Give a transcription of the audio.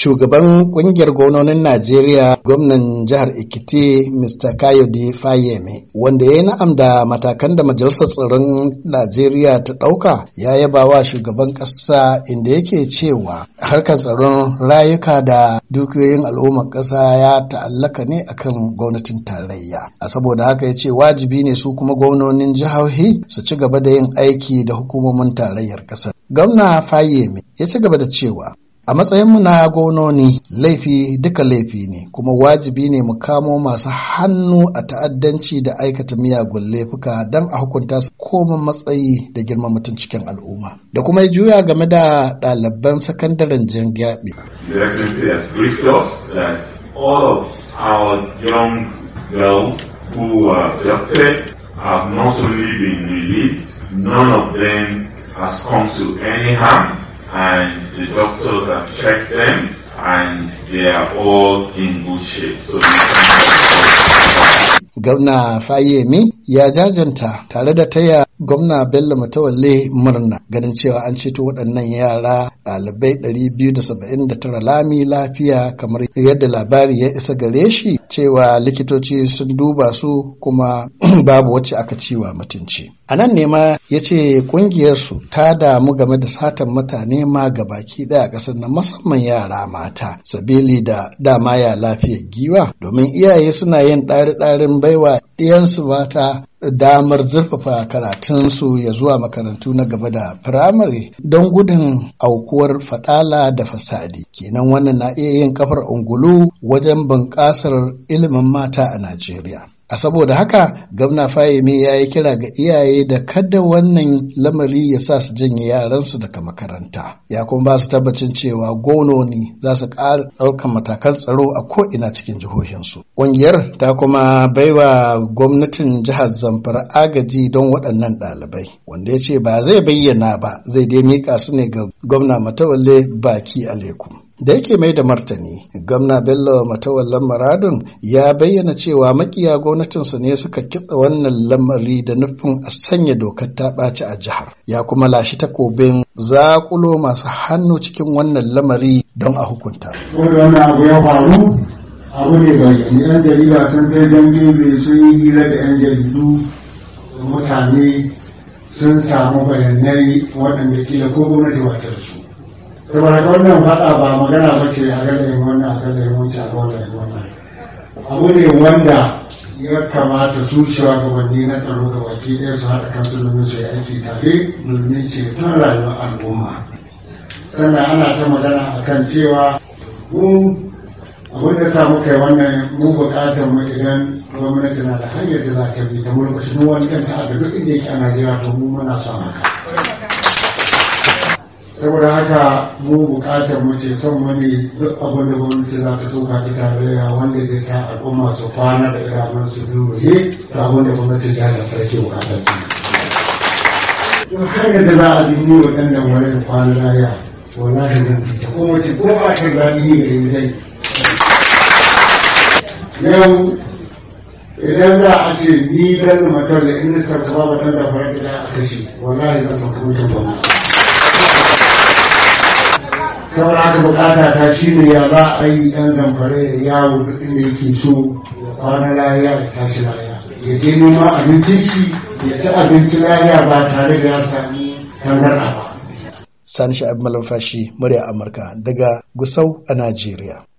Shugaban kungiyar gwamnonin Najeriya gwamnan jihar Ekiti Mr. Kayode Fayeme wanda ya yi na'am da matakan da majalisar tsaron Najeriya ta ɗauka ya yaba wa shugaban ƙasa inda yake cewa harkar tsaron rayuka da dukiyoyin al'ummar ƙasa ya ta'allaka ne akan gwamnatin tarayya. A saboda haka ya ce wajibi ne su kuma gwamnonin jihohi su ci gaba da yin aiki da hukumomin tarayyar ƙasar. Gwamna Fayeme ya ci gaba da cewa A matsayinmu na gononi laifi duka laifi ne kuma wajibi ne mu kamo masu hannu a ta'addanci da aikata miyagun laifuka don a hukunta su koma matsayi da girman mutum cikin al'umma. Da kuma ya juya game da ɗaliban sakandaren jan gyaɓe. none of them has come to any harm. and the doctors have checked them and they are all in good shape. So Gwamna Fayemi ya jajanta tare da taya gwamna Bello Mutawalle murna ganin cewa an ceto waɗannan yara ɗalibai 279 lami lafiya kamar yadda labari ya isa gare shi cewa likitoci sun duba su kuma babu wacce aka ciwa mutunci. A nan ne ya ce ƙungiyarsu ta damu game da satan mutane ma ga baki ɗaya a ƙasar na musamman yara mata sabili da dama ya lafiyar giwa domin iyaye suna yin ɗari-ɗarin baiwa ɗiyansu mata damar zurfafa karatunsu ya zuwa makarantu na gaba da firamare don gudun aukuwar fadala da fasadi kenan wannan na iya yin kafar ungulu wajen bunƙasar ilimin mata a najeriya a saboda haka gwamna fayemi ya yi kira ga iyaye da kada wannan lamari ya sa su janye yaransu daga makaranta ya kuma ba su tabbacin cewa ne za su ƙara ɗaukar matakan tsaro a ko'ina cikin jihohinsu Ƙungiyar ta kuma baiwa gwamnatin jihar Zamfara agaji don waɗannan ɗalibai, wanda ya ce ba zai bayyana ba zai dai miƙa su ne ga gwamna Matawalle Baki Alekum. Da yake mai da martani, gwamna Bello Matawallan Maradun ya bayyana cewa makiya gwamnatinsa ne suka kitsa wannan lamari da nufin a sanya dokar ta ɓaci a jihar. Ya kuma lashi takobin zakulo masu hannu cikin wannan lamari don a hukunta. abu ne ba shi yan jarida sun kai jange mai sun yi hira da yan jaridu da mutane sun samu bayanai waɗanda kila ko gwamnati watar su saboda wannan haɗa ba magana ba ce a yin wannan a yin wancan a yin wannan abu ne wanda ya kamata su shugabanni na tsaro ga wakilai ɗaya su haɗa kansu domin su yi aiki tare domin ceton rayuwar al'umma sannan ana ta magana akan cewa mun abin da sa muka yi wannan mun buƙatar mu idan gwamnati na da hanyar da za ta bi da mulkashi duk wani kanta a duk inda yake a najeriya to mu muna son haka saboda haka mu buƙatar mu ce son wani duk abin da gwamnati za ta tuka ta tarayya wanda zai sa al'umma su kwana da idanun su duruhe ta abin da gwamnati ta da farke buƙatar ta hanyar da za a bi ne waɗannan wani kwana raya wallahi zan fita ko mace ko ba ta gani ne zai yau idan za a ce ni dan matar da in nisa kuma ba dan zamfara da za a kashe wallahi zan sauka mutum ba saboda haka bukata ta shi ne ya ba a yi dan zamfara ya yawo duk inda yake so a wani lafiya da tashi lafiya ya je neman abincin shi ya ci abinci lafiya ba tare da ya sami tangarɗa ba. Sani Sha'ib Malamfashi, murya Amurka daga Gusau a Najeriya.